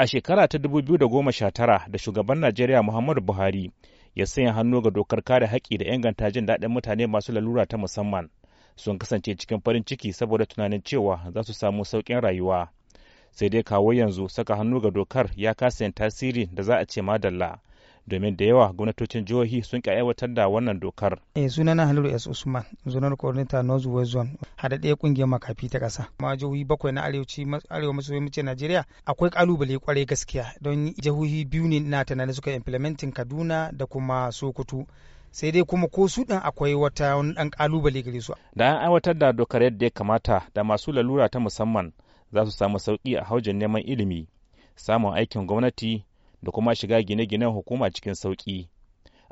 a shekara ta 2019 da shugaban Najeriya Muhammadu Buhari ya sanya hannu ga dokar kare haƙƙi da inganta jin daɗin mutane masu lalura ta musamman sun kasance cikin farin ciki saboda tunanin cewa za su samu sauƙin rayuwa sai dai kawo yanzu saka hannu ga dokar ya kasa yin tasiri da za a ce madalla domin da yawa gwamnatocin jihohi sun ƙi aiwatar da wannan dokar. Eh sunana Halilu S Usman zonar coordinator North West Zone ɗaya ƙungiyar makafi ta ƙasa. Ma jihohi bakwai na arewaci arewa maso yammacin Najeriya akwai kalubale kwarai gaskiya don jihohi biyu ne na tunanin suka implementing Kaduna da kuma Sokoto. sai dai kuma ko su ɗin akwai wata wani ɗan ƙalubale gare su. Da an aiwatar da dokar yadda ya kamata da masu lalura ta musamman za su samu sauƙi a haujin neman ilimi, samun aikin gwamnati da kuma shiga gine-ginen hukuma cikin sauƙi.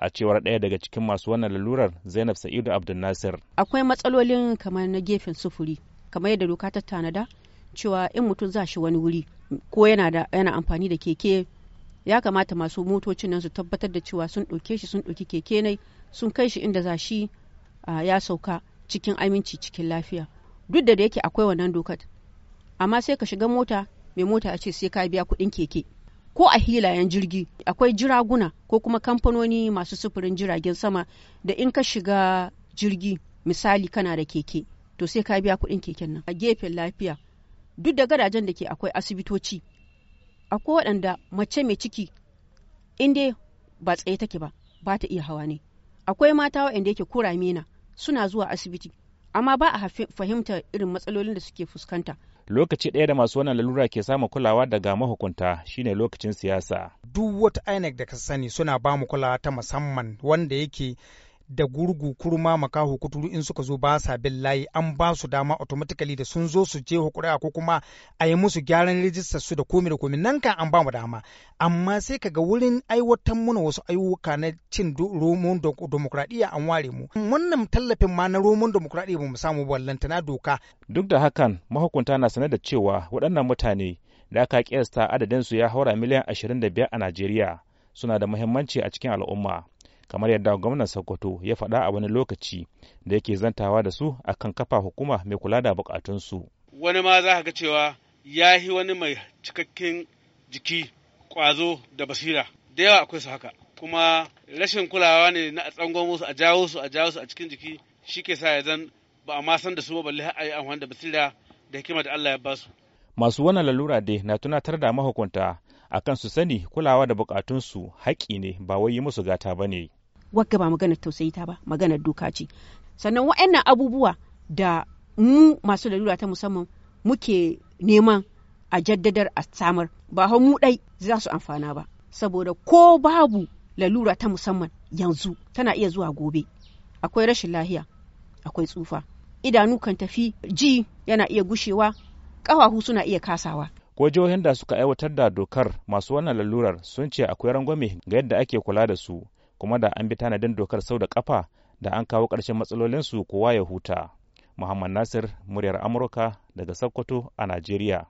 a cewar ɗaya daga cikin masu wannan lalurar zainab sa'idu Nasir. akwai matsalolin kamar na gefen sufuri kamar yadda doka ta tanada cewa in mutum za shi wani wuri ko yana yana amfani da keke ya kamata masu motocin nan su tabbatar da cewa sun ɗauke shi sun ɗauki keke ne sun kai shi inda za shi ya sauka cikin aminci cikin lafiya duk da yake akwai wannan dokar amma sai ka shiga mota mai mota a ce sai ka biya kuɗin keke ko a hilayen jirgi akwai jiraguna ko kuma kamfanoni masu sufurin jiragen sama da in ka shiga jirgi misali kana da keke to sai ka biya kuɗin keken nan a gefen lafiya duk da gadajen da ke akwai asibitoci akwai waɗanda mace mai ciki inda ba tsaye take ba ba ta iya hawa ne akwai mata waɗanda yake kurame na suna zuwa asibiti amma ba a fahimta irin matsalolin da suke fuskanta lokaci ɗaya da masu wannan lalura ke samun kulawa daga mahukunta shine lokacin siyasa duk wata INEC da ka sani suna ba mu kulawa ta musamman wanda yake da gurgu kurma makaho kuturu in suka zo ba sa bin layi an ba su dama automatically da sun zo su je hukura ko kuma a yi musu gyaran rijistar su da komi da komi nan kan an ba mu dama amma sai kaga wurin aiwatar muna wasu ayyuka na cin romon demokradiya an ware mu wannan tallafin ma na romon demokradiya ba mu samu ballantana doka duk da hakan mahukunta na sanar da cewa waɗannan mutane da aka kiyasta adadinsu ya haura miliyan 25 a Najeriya suna da muhimmanci a cikin al'umma kamar yadda gwamnan sokoto ya faɗa a wani lokaci da yake zantawa da su akan kafa hukuma mai kula da bukatunsu wani ma za ka ga cewa ya yi wani mai cikakken jiki kwazo da basira da yawa akwai su haka kuma rashin kulawa ne na tsangon musu a jawo su a jawo su a cikin jiki shi ke sa ya zan ba a masan da su ba balle a yi amfani da basira da hikima da Allah ya ba su masu wannan lalura dai na tunatar da mahukunta akan su sani kulawa da bukatunsu haƙƙi ne ba wai yi musu gata ba ne. wagga ba maganar tausayi ta ba maganar doka ce sannan wa'annan abubuwa da mu masu lalura ta musamman muke neman a jaddadar a samar ba hau mu ɗai za su amfana ba saboda ko babu lalura ta musamman yanzu tana iya zuwa gobe akwai rashin lahiya akwai tsufa idanu kan tafi ji yana iya gushewa ƙafafu suna iya kasawa ko jihohin da suka aiwatar da dokar masu wannan lalurar sun ce akwai rangwame ga yadda ake kula da su kuma da an bi tanadin dokar sau da kafa da an kawo ƙarshen matsalolinsu kowa ya huta. Muhammad Nasir, muryar Amurka daga Sokoto a Najeriya.